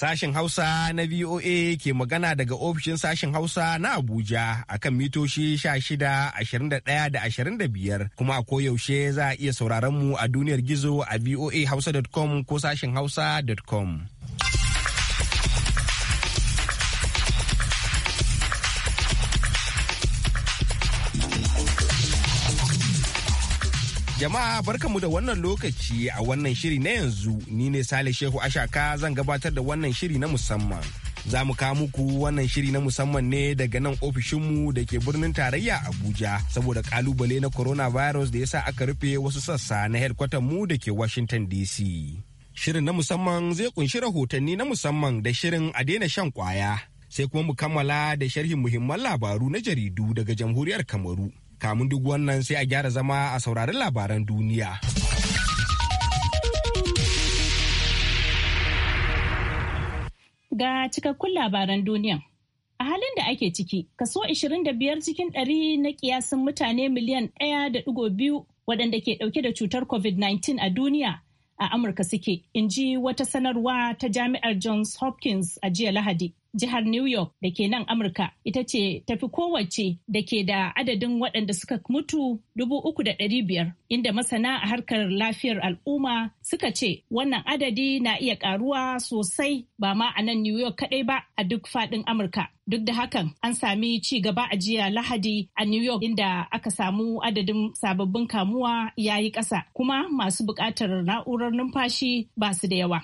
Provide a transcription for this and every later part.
Sashen Hausa na VOA ke magana daga ofishin sashen Hausa na Abuja akan mitoshi 16, 21 da 25 kuma a koyaushe za a iya sauraron mu a duniyar gizo a voahausa.com ko sashen hausa.com. Jama'a mu da wannan lokaci a wannan shiri na yanzu ni ne Sale Shehu Ashaka zan gabatar da wannan shiri na musamman. Za mu kawo muku wannan shiri na musamman ne daga nan ofishinmu da ke birnin tarayya Abuja saboda kalubale na coronavirus da ya sa aka rufe wasu sassa na headquarter mu da ke Washington DC. Shirin na musamman zai kunshi rahotanni na musamman da shirin a daina shan kwaya sai kuma mu kammala da sharhin muhimman labaru na jaridu daga jamhuriyar Kamaru. kamun duk wannan sai a gyara zama a sauraron labaran duniya. Ga cikakkun labaran duniya. A halin da ake ciki, kaso 25 cikin 100 na kiyasin mutane miliyan 1.2 waɗanda ke ɗauke da cutar COVID-19 a duniya a Amurka suke, in ji wata sanarwa ta Jami'ar Johns Hopkins a jiya Lahadi. jihar New York da ke nan Amurka ita ce tafi kowace da ke da adadin waɗanda suka mutu dubu uku da ɗari biyar inda masana a harkar lafiyar al'umma suka ce wannan adadi na iya ƙaruwa sosai ba ma a nan New York kaɗai ba a duk faɗin Amurka. Duk da hakan an sami ci gaba a jiya Lahadi a New York inda aka samu adadin sababbin kamuwa ya yi ƙasa kuma masu buƙatar na'urar numfashi ba su da yawa.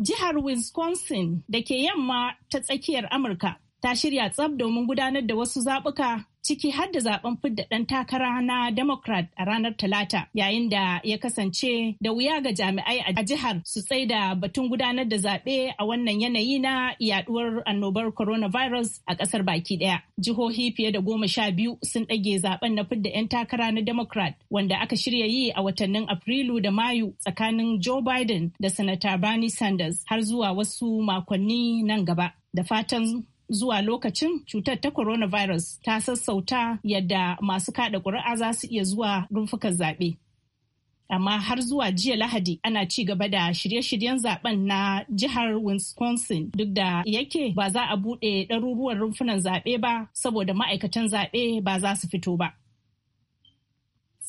Jihar Wisconsin da ke yamma ta tsakiyar Amurka ta shirya tsab domin gudanar da wasu zaɓuka ciki har da zaben fidda ɗan takara na Democrat a ranar Talata yayin da ya kasance da wuya ga jami'ai a jihar su da batun gudanar da zaɓe a wannan yanayi na yaduwar annobar coronavirus a ƙasar baki ɗaya. Jihohi fiye da goma sha biyu sun ɗage zaben na fidda 'yan takara na Democrat wanda aka shirya yi a watannin Afrilu da Mayu tsakanin Joe Biden da Sanata Bernie Sanders har zuwa wasu makonni nan gaba. Da fatan zuwa lokacin cutar ta coronavirus ta sassauta yadda masu kada ƙuri'a za su iya zuwa rumfukan zaɓe. Amma har zuwa jiya Lahadi ana ci gaba da shirye-shiryen zaben na jihar Wisconsin duk da yake ba za a buɗe ɗaruruwan rumfunan zaɓe ba saboda ma'aikatan zaɓe ba za su fito ba.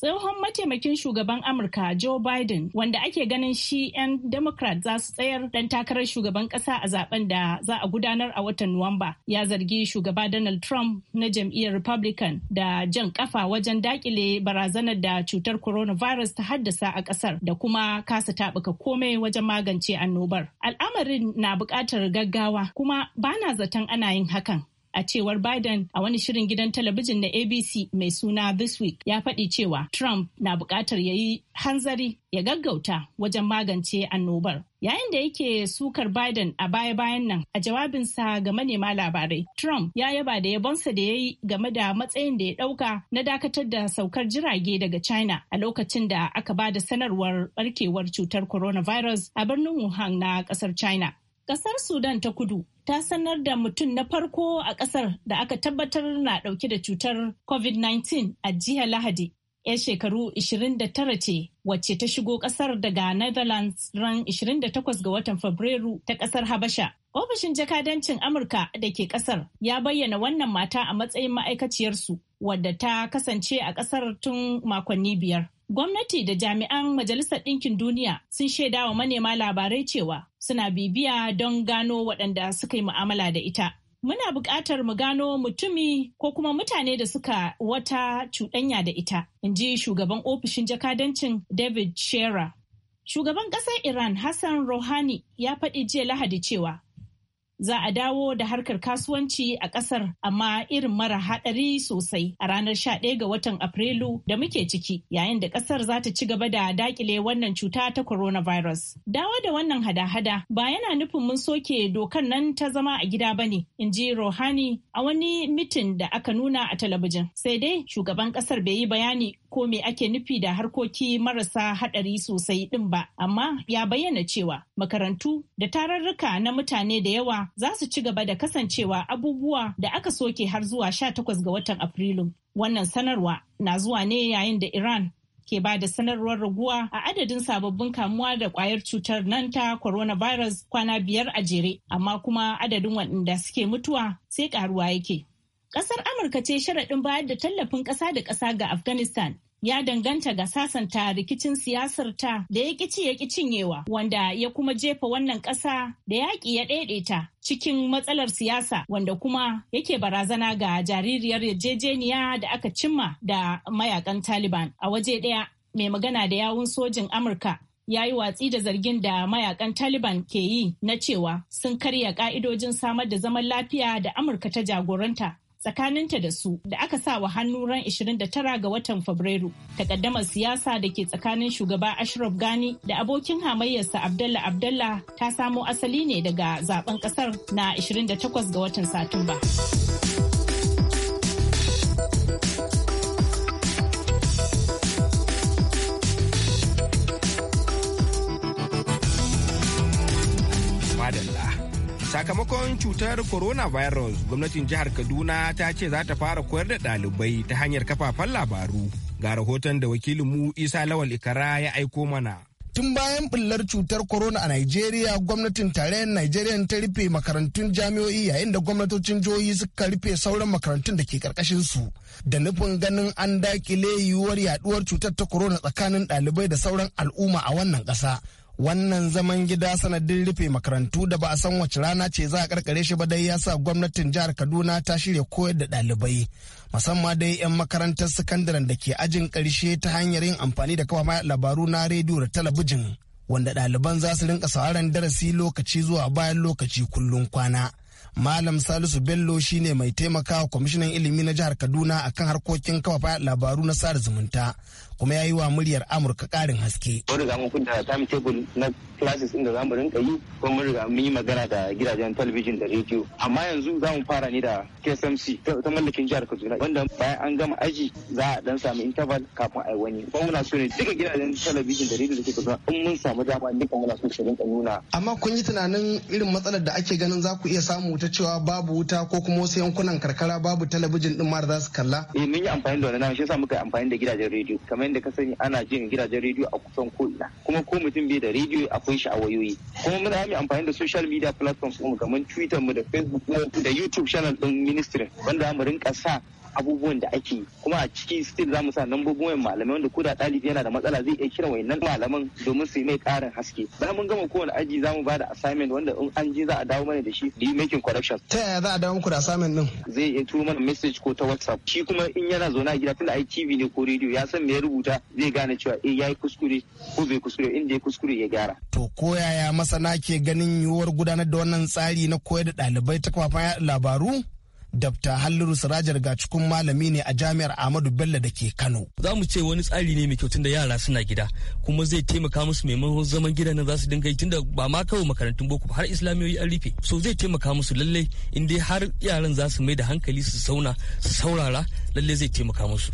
tsohon mataimakin shugaban amurka joe biden wanda ake ganin shi 'yan democrat za su tsayar dan takarar shugaban kasa a zaben da za a gudanar a watan nuwamba ya zargi shugaba donald trump na jam'iyyar republican da jan kafa wajen dakile barazanar da cutar coronavirus ta haddasa a kasar da kuma kasa tabuka komai wajen magance annobar al'amarin na buƙatar gaggawa kuma bana zaton ana yin hakan a cewar Biden a wani shirin gidan talabijin na ABC mai suna This Week ya faɗi cewa Trump na buƙatar ya yi hanzari ya gaggauta wajen magance annobar. Yayin da yake sukar Biden a baya-bayan nan a jawabinsa ga manema labarai, Trump ya yaba da yabonsa da ya yi game da matsayin da ya ɗauka na dakatar da saukar jirage daga China a lokacin da aka ba da sanarwar barkewar cutar coronavirus a birnin Wuhan na ƙasar China. Kasar Sudan ta kudu ta sanar da mutum na farko a kasar da aka tabbatar na dauke da cutar COVID-19 a jiya Lahadi. 'Yan shekaru 29 ce wacce ta shigo kasar daga Netherlands ran 28 ga watan Fabrairu ta kasar Habasha. Ofishin jakadancin Amurka da ke kasar ya bayyana wannan mata a matsayin ma'aikaciyarsu wadda ta kasance a kasar tun makonni biyar. Gwamnati da jami'an Majalisar Ɗinkin Duniya sun shaida wa manema labarai cewa suna bibiya don gano waɗanda suka yi mu'amala da ita. Muna buƙatar mu gano mutumi ko kuma mutane da suka wata cuɗanya da ita, in ji shugaban ofishin jakadancin David Shearer. Shugaban ƙasar Iran Hassan Rouhani ya faɗi jiya Lahadi cewa za a dawo da harkar kasuwanci a kasar amma irin mara hadari sosai a ranar 11 ga watan Afrilu da muke ciki yayin da kasar za ta ci gaba da dakile wannan cuta ta coronavirus. Dawo da wannan hada-hada ba yana nufin mun soke dokan nan ta zama a gida bane, in ji Rohani a wani mitin da aka nuna a talabijin. Sai dai shugaban kasar bai yi bayani ko me ake nufi da harkoki marasa haɗari sosai ɗin ba, amma ya bayyana cewa makarantu da tararruka na mutane da yawa za su ci gaba da kasancewa abubuwa da aka soke har zuwa 18 ga watan Afrilu. Wannan sanarwa na zuwa ne yayin da Iran ke ba da sanarwar raguwa a adadin sababbin kamuwa da kwayar cutar nan ta coronavirus kwana biyar a jere amma kuma adadin waɗanda suke mutuwa sai karuwa yake Ƙasar Amurka ce sharaɗin bayar da tallafin ƙasa da ƙasa ga Afghanistan. ya danganta ga sasanta rikicin siyasar ta da ya ƙici ya cinyewa wanda ya kuma jefa wannan ƙasa da yaƙi ya ɗaiɗaita cikin matsalar siyasa wanda kuma yake barazana ga jaririyar yarjejeniya da aka cimma da mayakan taliban a waje ɗaya mai magana da yawun sojin amurka ya yi watsi da zargin da mayakan taliban ke yi na cewa sun karya ka'idojin samar da zaman lafiya da amurka ta jagoranta tsakaninta da su da aka sa wa hannu ran 29 ga watan Fabrairu. Takaddamar siyasa da ke tsakanin shugaba Ashraf Gani da abokin hamayyarsa Abdallah Abdallah ta samo asali ne daga zaben kasar na 28 ga watan Satumba. sakamakon cutar coronavirus gwamnatin jihar kaduna ta ce za ta fara koyar da dalibai ta hanyar kafafen labaru ga rahoton da wakilinmu isa lawal ikara ya aiko mana tun bayan bullar cutar corona a Najeriya gwamnatin tarayyar Najeriya ta rufe makarantun jami'o'i yayin da gwamnatocin jihohi suka rufe sauran makarantun da ke karkashin su da nufin ganin an dakile yiwuwar yaduwar cutar ta corona tsakanin ɗalibai da sauran al'umma a wannan ƙasa wannan zaman gida sanadin rufe makarantu da ba a san wace rana ce za a karkare shi ba dai ya sa gwamnatin jihar kaduna ta shirya koyar da ɗalibai musamman dai 'yan makarantar sakandaren da ke ajin ƙarshe ta hanyar yin amfani da kafa labaru na rediyo da talabijin wanda ɗaliban za su rinka sauraron darasi lokaci zuwa bayan lokaci kullum kwana Malam Salisu Bello shine mai taimakawa kwamishinan ilimi na jihar Kaduna akan harkokin kafafa labaru na sada zumunta kuma ya yi wa muryar Amurka karin haske. Mun riga mun kunta time table na classes inda za mu rinka yi ko mun riga mun yi magana da gidajen talabijin da rediyo. Amma yanzu za mu fara ni da KSMC ta mallakin jihar Kaduna wanda bayan an gama aji za a dan samu interval kafin a yi wani. ko muna so ne duka gidajen talabijin da rediyo da ke Kaduna in mun samu dama duka muna so su rinka nuna. Amma kun yi tunanin irin matsalar da ake ganin za ku iya samu samu ta cewa babu wuta ko kuma wasu yankunan karkara babu talabijin din mara za su kalla? Eh mun yi amfani da wani nan shi yasa muka yi amfani da gidajen rediyo kamar yadda ka sani ana jin gidajen rediyo a kusan ko ina kuma ko mutum bai da rediyo akwai shi a wayoyi kuma muna yi amfani da social media platforms kuma kamar Twitter mu da Facebook mu da YouTube channel din ministry wanda mu rinka sa abubuwan da ake kuma a ciki still za mu sa lambobin malamai wanda ko da ɗalibi yana da matsala zai iya kira wayannan malaman domin su yi mai ƙarin haske bayan mun gama kowane aji za mu ba assignment wanda in an je za a dawo mana da shi di making correction ta yaya za a dawo muku da assignment din zai iya turo mana message ko ta whatsapp shi kuma in yana zauna a gida tunda ai tv ne ko radio ya san me ya rubuta zai gane cewa eh yayi kuskure ko bai kuskure inda ya kuskure ya gyara to ko yaya masana ke ganin yiwuwar gudanar da wannan tsari na koyar da ɗalibai ta kafafen labaru Dr. Halliru Sirajar Gacikun malami ne a jami'ar Ahmadu Bello da ke Kano. Za mu ce wani tsari ne mai kyau da yara suna gida kuma zai taimaka musu maimakon zaman gida nan za su dinga yi tunda ba ma kawai makarantun boko har islamiyoyi an rufe. So zai taimaka musu lallai in dai har yaran za su mai da hankali su sauna su saurara lallai zai taimaka musu.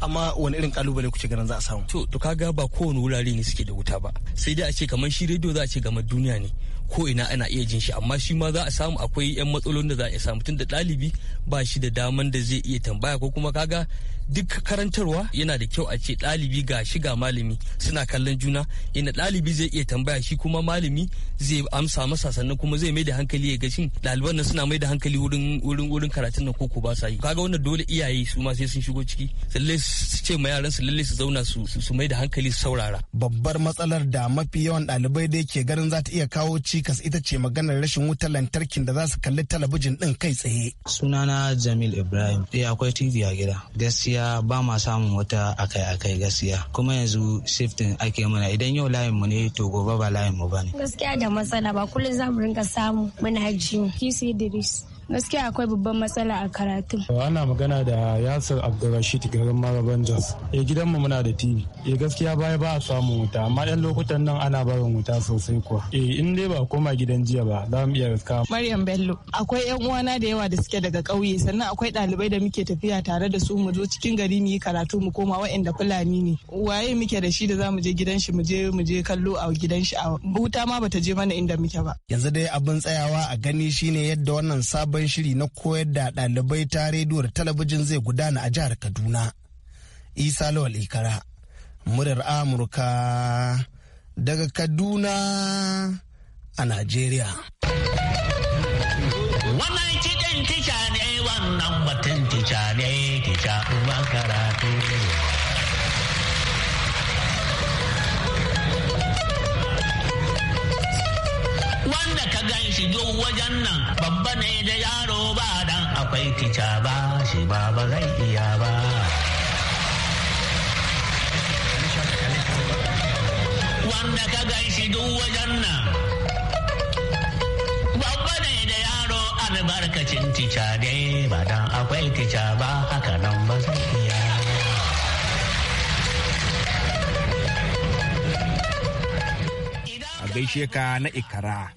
amma wani irin kalubale kuke ganin za a samu to to kaga ba kowane wurare ne suke da wuta ba sai dai a ce kamar shi rediyo za a ce gamar duniya ne ko ina ana iya jin shi amma shi ma za a samu akwai yan matsalolin da za a samu da dalibi ba shi da daman da zai iya tambaya ko kuma kaga duk karantarwa yana da kyau a ce dalibi ga shi ga malami suna kallon juna ina dalibi zai iya tambaya shi kuma malami zai amsa masa sannan kuma zai mai da hankali ya ga shin ɗaliban nan suna mai da hankali wurin wurin wurin karatun nan koko ba sa yi kaga wannan dole iyaye su ma sai sun shigo ciki lalle su ce ma yaran su lalle su zauna su su mai da hankali su saurara babbar matsalar da mafi yawan ɗalibai da yake garin zata iya kawo ci cikas ita ce maganar rashin wutar lantarkin da za su kalli talabijin ɗin kai tsaye. Sunana Jamil Ibrahim. Eh akwai TV a gida. Gaskiya ba ma samun wata akai-akai gaskiya. Kuma yanzu shifting ake mana idan yau layin mu ne to gobe ba layin mu ba ne Gaskiya da matsala ba kullum za mu rinka samu muna ji. Kisi Idris. gaskiya akwai babban matsala a karatun ana magana da yasir abdulrashid garin maraban jos Gidan eh, gidanmu muna da tv eh, gaskiya baya ba a samun wuta amma yan lokutan nan ana barin wuta sosai kuwa e in dai ba koma gidan jiya ba za mu iya riska maryam bello akwai yan uwana da yawa da suke daga ƙauye sannan akwai ɗalibai da muke tafiya tare da su mu zo cikin gari mu yi karatu mu koma waɗanda fulani ne waye muke da shi da za mu je gidan shi mu je mu je kallo a gidan shi a wuta ma bata je mana inda muke ba yanzu dai abin tsayawa a gani shine yadda wannan sabon sabon shiri na koyar da ɗalibai ta rediyo da talabijin zai gudana a jihar kaduna isa lawal ikara murar amurka daga kaduna a najeriya wannan kiɗin tica ne wannan batun tica ne tica uban karatu wanda ka gan shi duk wajen nan babba ne da yaro ba dan akwai kica ba shi ba ba zai iya ba wanda ka gan shi duk wajen nan babba ne da yaro albarkacin tica dai ba dan akwai kica ba gaishe ka na ikara.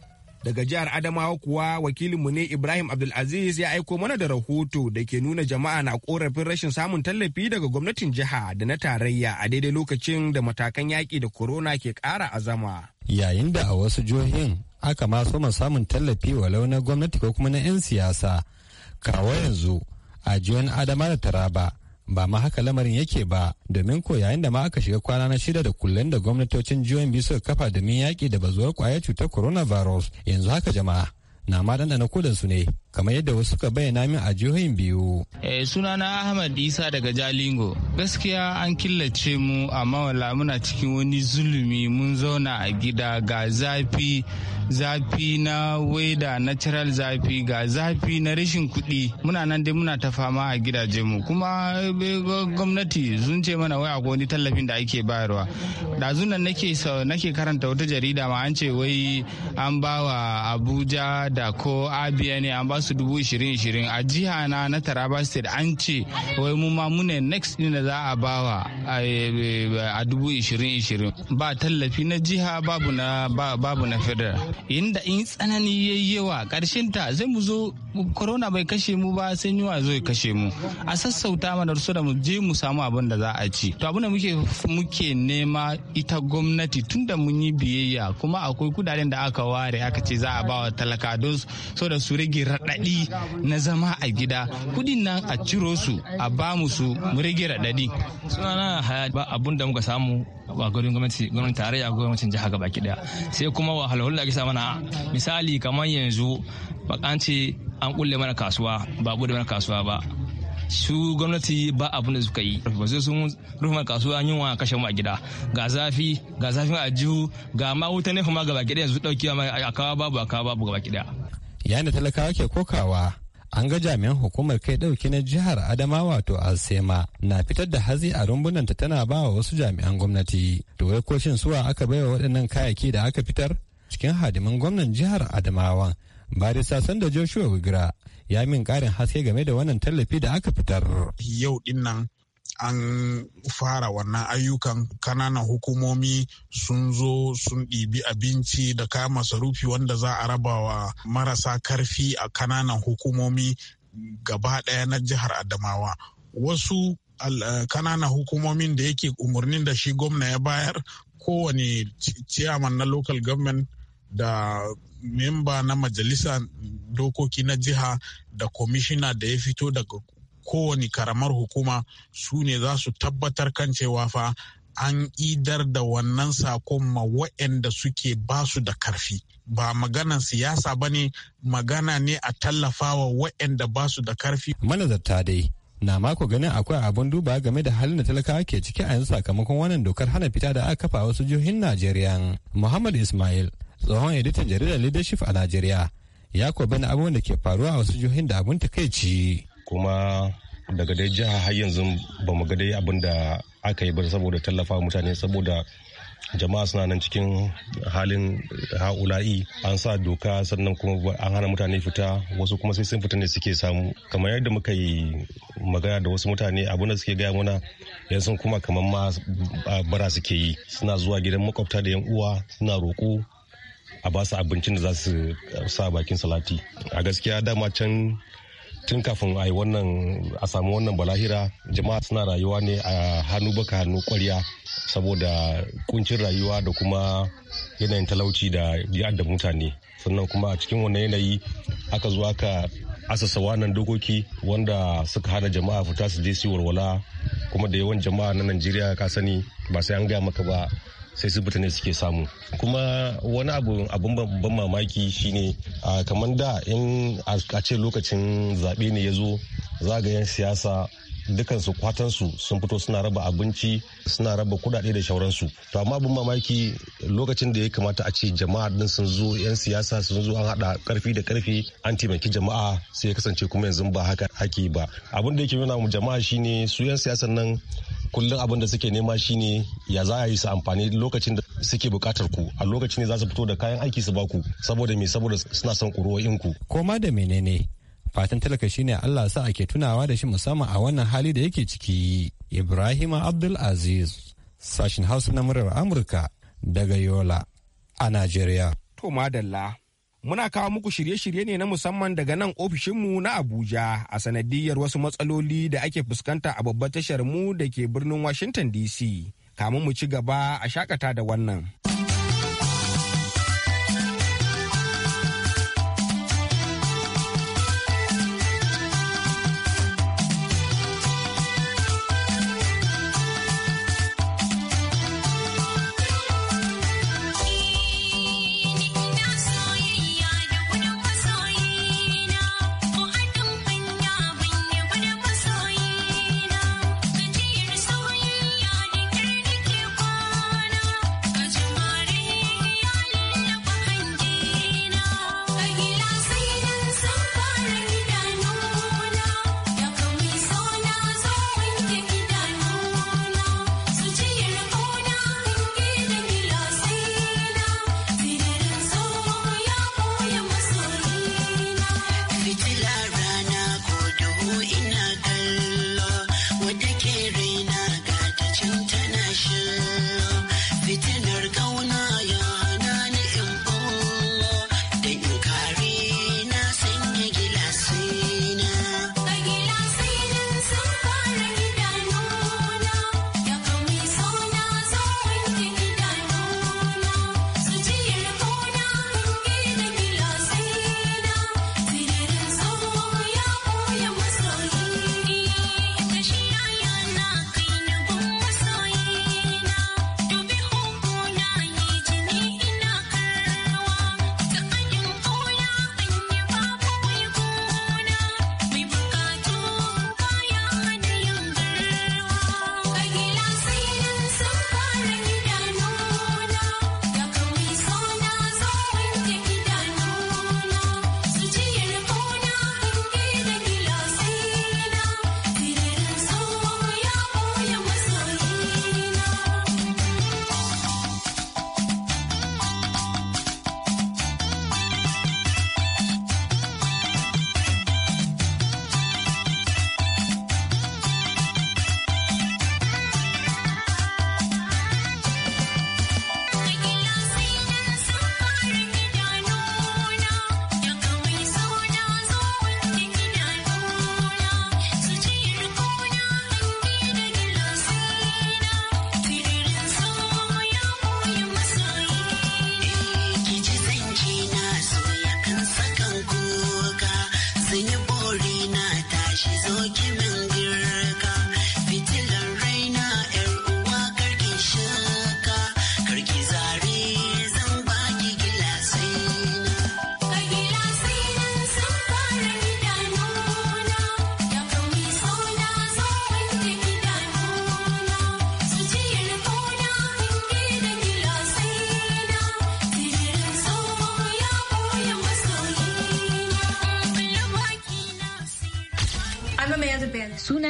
Daga jihar Adamawa kuwa wakilinmu ne Ibrahim Abdulaziz ya aiko mana da rahoto da ke nuna jama'a na korafin rashin samun tallafi daga gwamnatin jiha da na tarayya a daidai lokacin da matakan yaƙi da korona ke ƙara azama. Yayin da a wasu jihohin aka ma soma samun tallafi wa launin gwamnati ko kuma na 'yan siyasa. Kawo yanzu a jihohin Adama da Taraba ba ma haka lamarin yake ba domin ko yayin da ma aka shiga kwana na shida da kullun da gwamnatocin jiyoyin biyu suka kafa domin yaƙi da bazuwar kwayar cutar coronavirus yanzu haka jama'a na ma dandana kodan ne kamar yadda wasu ka bayyana min a jihohin biyu. Eh, sunana Ahmad Isa daga Jalingo. Gaskiya an killace mu amma wala muna cikin wani zulumi mun zauna a gida ga zafi zafi na weda natural zafi ga zafi na rashin kuɗi muna nan dai muna ta fama a gidaje mu kuma eh, gwamnati sun ce mana wai akwai wani tallafin da ake bayarwa da nan nake nake karanta wata jarida ma an ce wai an bawa abuja da ko abia ne an ba su dubu ishirin ishirin a jiha na na taraba state an ce wai mu ma mune next din da za a bawa a dubu ishirin ishirin ba tallafi na jiha babu na babu na federal inda in tsanani yayi yawa karshen ta zai mu zo corona bai kashe mu ba sai yunwa zai kashe mu a sassauta mana su da mu je mu samu abin da za a ci to abin da muke muke nema ita gwamnati tunda mun yi biyayya kuma akwai kudaden da aka ware aka ce za a bawa talaka don so da su rage raɗaɗi na zama a gida kudin nan a ciro su a ba mu su mu rage raɗaɗi. na haya ba abun da muka samu a gurin gwamnati gwamnati tarayya a gwamnatin jiha gaba ki daya sai kuma wahalhalun da ake sa mana misali kamar yanzu bakanci an kulle mana kasuwa ba bude mana kasuwa ba su gwamnati ba abin da suka yi ba sai sun rufe mana kasuwa wa kashe mu a gida ga zafi ga zafin a jihu ga ma wuta ne kuma gaba ki daya yanzu dauki a kawa babu a kawa babu gaba ki daya yana talakawa ke kokawa an ga jami'an hukumar kai dauki na jihar adamawa to alsema na fitar da hazi a rumbunan ta tana ba wa wasu jami'an gwamnati to wai ko shin suwa aka baiwa waɗannan kayayyaki da aka fitar cikin hadimin gwamnan jihar bari sasan sanda joshua wigra ya min karin haske game da wannan tallafi da aka fitar yau dinnan an fara wannan ayyukan kananan hukumomi sun zo sun ɗibi abinci da kayan masarufi wanda za a raba wa marasa karfi a kananan hukumomi gaba ɗaya na jihar adamawa wasu eh, kananan hukumomin da yake umarnin da shi gwamna ya bayar kowane ciyaman na local government da memba na majalisa dokoki na jiha da kwamishina da ya fito daga kowane karamar hukuma su ne za su tabbatar kan cewa fa an idar da wannan sakon ma waɗanda suke basu da karfi ba maganan siyasa ba ne magana ne a tallafawa wa'yanda basu da karfi manazarta dai na mako ganin akwai abin duba game da halin da talakawa ke ciki a yanzu sakamakon wannan dokar hana fita da aka kafa wasu jihohin najeriya muhammad ismail tsohon editan jaridar leadership a najeriya ya ko na abubuwan da ke faruwa a wasu jihohin da abin takaici kuma daga dai jiha har yanzu ba mu ga dai abin da aka yi ba saboda tallafa mutane saboda jama'a suna nan cikin halin ha'ula'i an sa doka sannan kuma an hana mutane fita wasu kuma sai sun fita ne suke samu kamar yadda muka yi magana da wasu mutane abin da suke gaya mana yanzu kuma kamar ma bara suke yi suna zuwa gidan makwabta da yan uwa suna roƙo a ba su abincin da za su sa bakin salati a gaskiya dama can tun kafin a yi wannan a samu wannan balahira jama'a suna rayuwa ne a hannu baka hannu kwarya saboda kuncin rayuwa da kuma yanayin talauci da ya mutane sannan kuma a cikin wannan yanayi aka zuwa ka asasa wannan dokoki wanda suka hana jama'a fita su je su walwala kuma da yawan jama'a na najeriya ka sani ba sai an gaya maka ba sai su mutane suke samu kuma wani abu abun ban mamaki shine kamar da in a ce lokacin zaɓe ne ya zo zagayen siyasa kwatan kwatansu sun fito suna raba abinci suna raba kudade da shauransu to amma abun mamaki lokacin da ya kamata a ce jama'a din sun zo yan siyasa sun zo an hada karfi da karfi an taimaki jama'a sai ya kasance kuma yanzu ba haka ake ba abin da yake nuna mu jama'a shine su yan siyasa nan kullum abin da suke nema shine ya za a yi su amfani lokacin da suke bukatar ku a lokacin ne za su fito da kayan aiki su baku saboda me saboda suna son in ku koma da menene fatan talaka shine Allah sa ake tunawa da shi musamman a wannan hali da yake ciki Ibrahim Abdul Aziz sashin Hausa na murar Amurka daga Yola a Najeriya to madalla muna kawo muku shirye-shirye ne na musamman daga nan ofishinmu na Abuja a sanadiyar wasu matsaloli da ake fuskanta a babbar tashar mu da ke birnin Washington DC. Kamun mu ci gaba a shakata da wannan.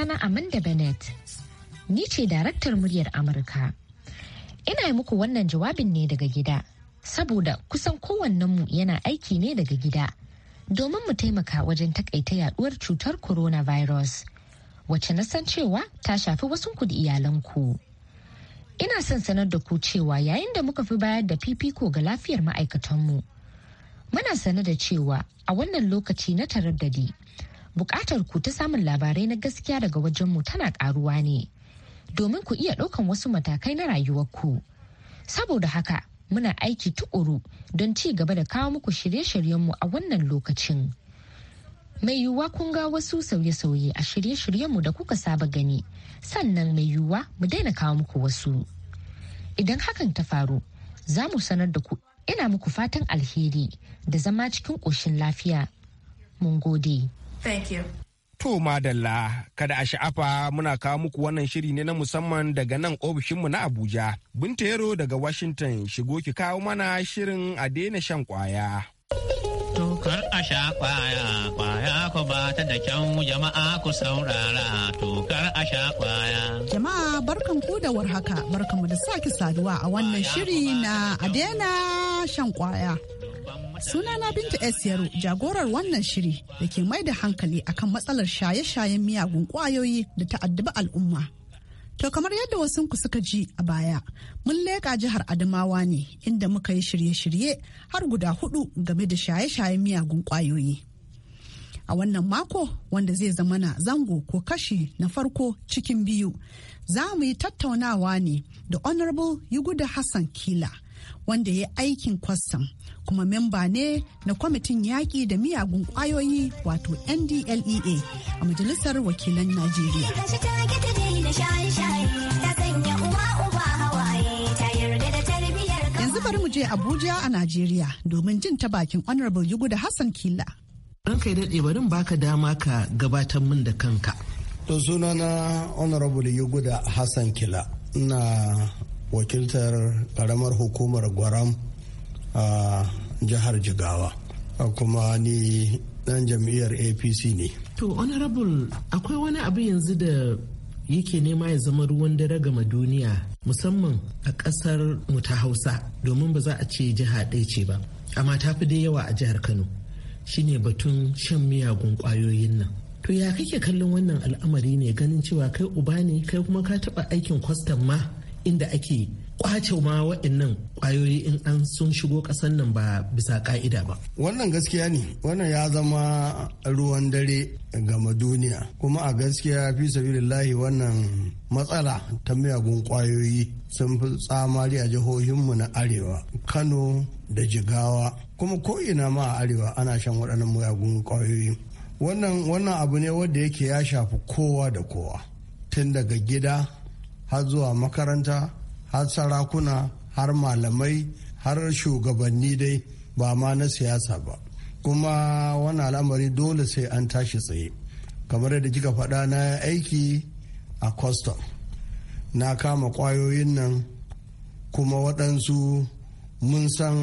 Sunana Amanda Bennett. Ni ce daraktar muryar Amurka. Ina yi muku wannan jawabin ne daga gida, saboda kusan kowannenmu yana aiki ne daga gida. Domin mu taimaka wajen takaita yaduwar cutar coronavirus, wacce na san cewa ta shafi wasu kudi iyalanku. Ina son sanar da ku cewa yayin da muka fi bayar da fifiko ga lafiyar ma'aikatanmu. Muna sane da cewa a wannan lokaci na taraddadi bukatar ku ta samun labarai na gaskiya daga wajenmu tana karuwa ne domin ku iya ɗaukan wasu matakai na rayuwarku saboda haka muna aiki tuƙuru don ci gaba da kawo muku shirye-shiryenmu a wannan lokacin mai yiwuwa kun ga wasu sauye-sauye a shirye-shiryenmu da kuka saba gani sannan mai yiwuwa mu daina kawo muku wasu idan hakan ta faru za mu sanar da ku ina muku fatan alheri da zama cikin ƙoshin lafiya mun gode. Thank you. To madalla kada a sha'afa muna kawo muku wannan shiri ne na musamman daga nan ofishinmu na Abuja. Binta Yaro daga Washington shigo ki kawo mana shirin a daina shan kwaya. Tukar a sha kwaya, kwaya ku ba ta da kyau jama'a ku saurara tukar a sha kwaya. Jama'a barkan ku da warhaka, barkan mu da sake saduwa a wannan shiri na a daina shan kwaya. Sunana Binta S. Yaro jagorar wannan shiri da ke mai da hankali akan matsalar shaye-shayen miyagun kwayoyi da ta'addabi al'umma. To kamar yadda wasunku suka ji a baya, mun leƙa jihar Adamawa ne inda muka yi shirye-shirye har guda hudu game da shaye-shayen miyagun kwayoyi. A wannan mako wanda zai zama na zango ko kashi na farko cikin biyu, za mu yi tattaunawa ne da Honorable Yuguda Hassan Kila. wanda ya aikin kwastam kuma memba ne na kwamitin yaƙi da miyagun ƙwayoyi wato ndlea a majalisar wakilan najeriya yanzu bari mu je abuja a najeriya domin jin ta bakin honorable yugu da hassan kila don kai daɗe barin baka dama ka gabatar min da kanka to sunana honorable yugu da hassan kila na wakiltar karamar hukumar gwaram a jihar jigawa kuma ni dan jam'iyyar apc ne to honorable akwai wani abu yanzu da yake nema ya zama ruwan dare gama duniya musamman a kasar mu ta hausa domin ba za a ce jiha ɗaya ce ba amma ta fi dai yawa a jihar kano shine batun shan miyagun kwayoyin nan to ya kake kallon wannan al'amari ne ganin cewa kai uba ne kai kuma ka taɓa aikin kwastam ma inda ake kwace ma waɗannan ƙwayoyi in an sun shigo ƙasar nan ba bisa ka'ida ba. Wannan gaskiya ne, wannan ya zama ruwan dare ga duniya, kuma a gaskiya fi sabilillahi wannan matsala ta miyagun ƙwayoyi sun fi tsamari a jihohinmu na arewa, Kano da Jigawa, kuma ko'ina ma a arewa ana shan waɗannan miyagun ƙwayoyi. Wannan abu ne wanda yake ya shafi kowa da kowa, tun daga gida har zuwa makaranta har sarakuna har malamai har shugabanni dai ba ma na siyasa ba kuma wani al'amari dole sai an tashi tsaye kamar yadda kika faɗa na aiki a custom na kama ƙwayoyin nan kuma waɗansu mun san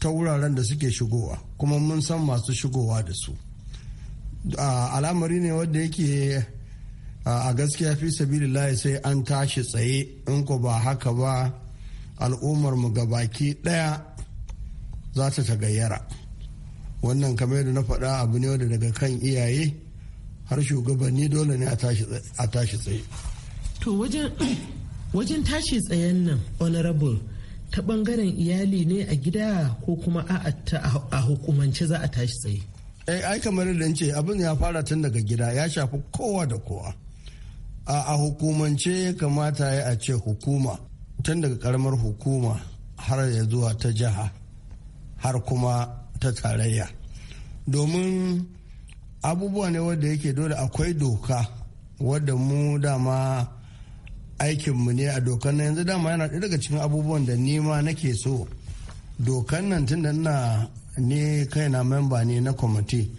ta wuraren da suke shigowa kuma mun san masu shigowa da su al'amari ne wanda yake a gaskiya fi layi sai an tashi tsaye in ko ba haka ba al'ummar mu baki daya za ta tagayyara wannan kamar yadda na faɗa abu ne wanda daga kan iyaye har shugabanni dole ne a tashi tsaye to wajen tashi tsayen nan honorable ta bangaren iyali ne a gida ko kuma a hukumance za a tashi tsaye eh, ai kamar da ce abin ya fara tun daga gida ya shafi kowa da kowa a hukumance kamata ya a ce hukuma tun daga karamar hukuma har ya zuwa ta jiha har kuma ta tarayya domin abubuwa ne wadda yake dole akwai doka wadda mu dama aikinmu ne a dokan na yanzu dama yana daga cikin abubuwan da nima nake so dokan nan tun da na ne kaina memba ne na kwamiti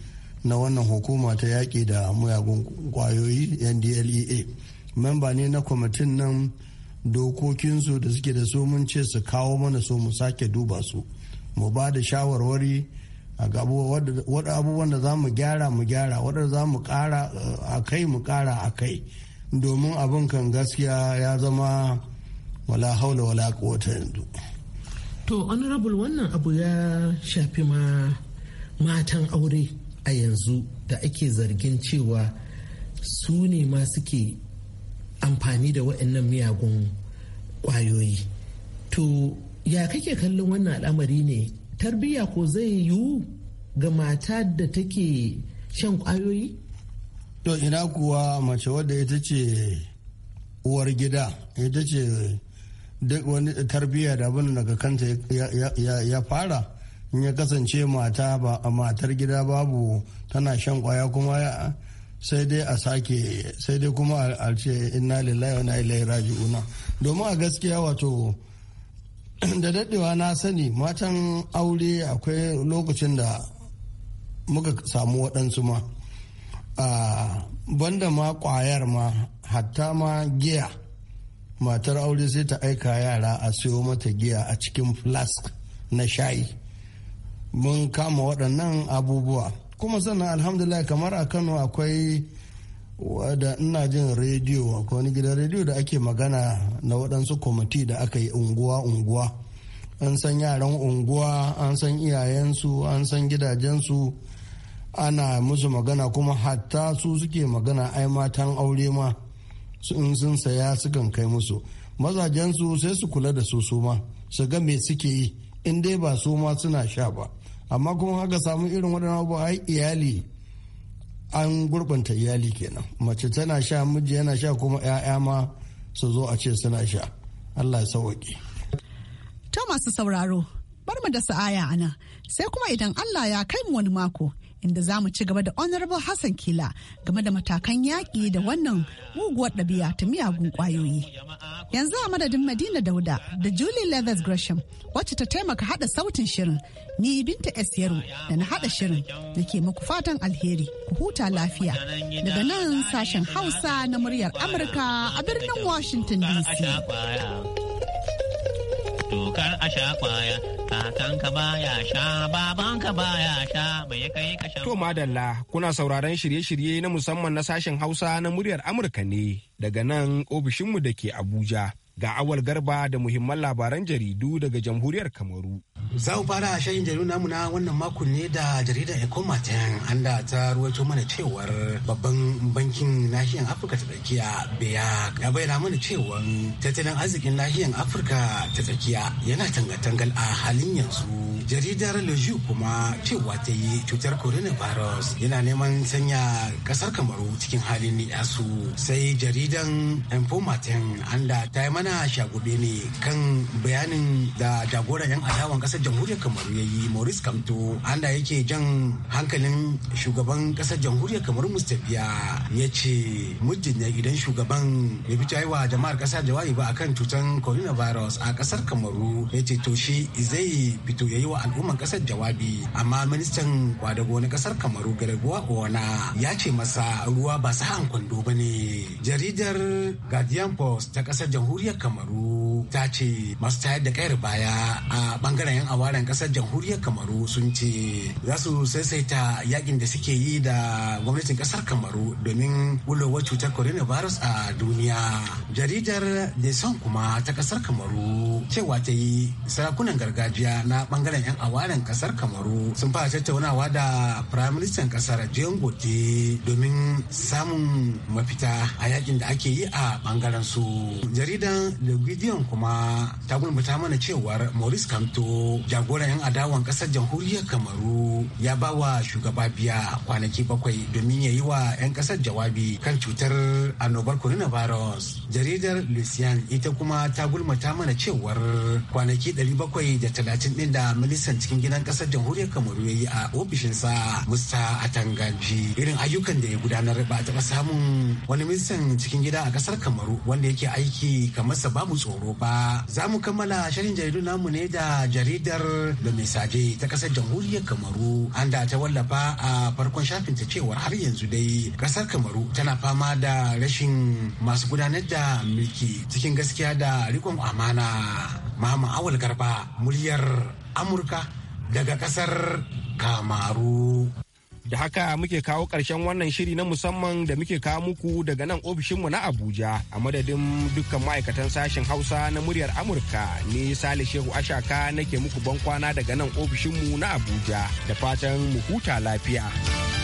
na wannan hukuma ta yaƙi da muyagun kwayoyi ndlea memba ne na kwamitin nan dokokinsu da suke da su mun ce su kawo mana so mu sake duba su mu ba da shawarwari a abubuwan da za mu gyara mu gyara wadda za mu kara eh, a kai mu kara a kai domin abin kan gaskiya ya zama wala haula wala kowata yanzu to honorable wannan abu ya shafi ma matan aure a yanzu da ake zargin cewa su ne ma suke amfani da waɗannan miyagun ƙwayoyi to ya kake kallon wannan al'amari ne tarbiyya ko zai yiwu ga mata da take shan ƙwayoyi to ina kuwa mace wadda ita ce uwar gida ita ce duk wani tarbiyya da abin daga kanta ya fara in ya kasance mata ba a matar gida babu tana shan kwaya kuma sai dai a sake sai dai kuma a ce inna lillahi wa ilaihi raji'una domin a gaskiya wato da daɗewa na sani matan aure akwai lokacin da muka samu waɗansu ma banda ma ƙwayar ma hatta ma giya matar aure sai ta aika yara a siyo mata giya a cikin flask na shayi mun kama waɗannan abubuwa kuma sannan alhamdulillah kamar a kano akwai da ina jin rediyo akwai wani gidan rediyo da ake magana na waɗansu kwamiti da aka yi unguwa-unguwa an san yaran unguwa an san iyayensu an san gidajensu ana musu magana kuma hatta su suke magana ai matan aure ma in sun saya sukan kai musu mazajensu sai su kula da su su ma su ga me suke yi in dai ba su ma suna sha ba amma kuma haka samu irin waɗannan abu ai iyali an gurbanta iyali kenan mace tana sha miji yana sha kuma 'ya'ya ma su zo a ce suna sha allah ya sauwaƙe Ta masu sauraro bar mu da sa'aya ana, sai kuma idan allah ya kai mu wani mako inda za mu ci gaba da Honorable Hassan Kila game da matakan yaƙi da wannan guguwar ɗabi'a ta miyagun ƙwayoyi. Yanzu a madadin Madina Dauda da Julie Leathers Gresham wacce ta taimaka haɗa sautin shirin ni Binta S Yaro da na haɗa shirin da ke muku fatan alheri ku huta lafiya daga nan sashen Hausa na muryar Amurka a birnin Washington DC. tokar a sha kwaya ka baya sha ka baya sha bai kai ka sha to madalla kuna sauraron shirye-shirye na musamman na sashen Hausa na muryar Amurka ne daga nan ofishinmu da ke Abuja ga awal garba da muhimman labaran jaridu daga jamhuriyar Kamaru Za mu fara shayin jaridu namu na wannan makon ne da jaridar Ecomatin anda ta ruwaito mana cewar babban bankin nahiyar Afirka ta tsakiya biya ya bayyana mana cewa tattalin arzikin nahiyar Afirka ta tsakiya yana tangatangal tangal a halin yanzu. jaridar leju kuma cewa ta yi cutar coronavirus yana neman sanya kasar kamaru cikin halin su. sai jaridan informatin anda ta yi mana shagube ne kan bayanin da jagoran yan adawan kasar jamhuriyar kamaru ya yi maurice kamto handa yake jan hankalin shugaban kasar jamhuriyar kamaru mustapha ya ce muddin ya idan shugaban bai fi wa jama'ar kasa jawabi ba akan cutan coronavirus a kasar kamaru ya ce to shi zai fito ya yi wa al'umman kasar jawabi amma ministan kwadago na kasar kamaru garaguwa kona ya ce masa ruwa ba sa'an kwando ba ne jaridar guardian post ta kasar jamhuriyar kamaru ta ce masu tayar da kayar baya a bangaren yan awaren kasar jamhuriyar kamaru sun ce za su saisaita yakin da suke yi da gwamnatin kasar kamaru domin wulowar cutar coronavirus a duniya jaridar da son kuma ta kasar kamaru cewa ta yi sarakunan gargajiya na bangaren 'yan awaren kasar kamaru sun fara tattaunawa da firaministan kasar jengote domin samun mafita a yakin da ake yi a bangaren su jaridan da kuma ta gulmuta mana cewar maurice kamto jagoran yan adawan kasar jamhuriyar kamaru ya ba wa shugaba biya kwanaki bakwai domin ya yi wa 'yan kasar jawabi kan cutar annobar coronavirus jaridar lucian ita kuma ta gulmata mana cewar kwanaki 730 din da ministan cikin gidan kasar jamhuriyar kamaru ya yi a ofishinsa musta a tangaji irin ayyukan da ya gudanar ba taɓa samun wani ministan cikin gida a kasar kamaru wanda yake aiki kamar sa babu tsoro ba za mu kammala shirin jaridu namu ne da jaridar Mai lumisaje ta kasar jamhuriyar kamaru an da ta wallafa a farkon shafin ta cewar har yanzu dai kasar kamaru tana fama da rashin masu gudanar da mulki cikin gaskiya da rikon amana mahamman Awal Garba muryar Amurka daga kasar Kamaru. Da haka muke kawo ƙarshen wannan shiri na musamman da muke kawo muku daga nan ofishinmu na Abuja a madadin dukkan ma'aikatan sashen Hausa na muryar Amurka ni Sale Shehu Ashaka nake muku bankwana daga nan ofishinmu na Abuja da fatan mu huta lafiya.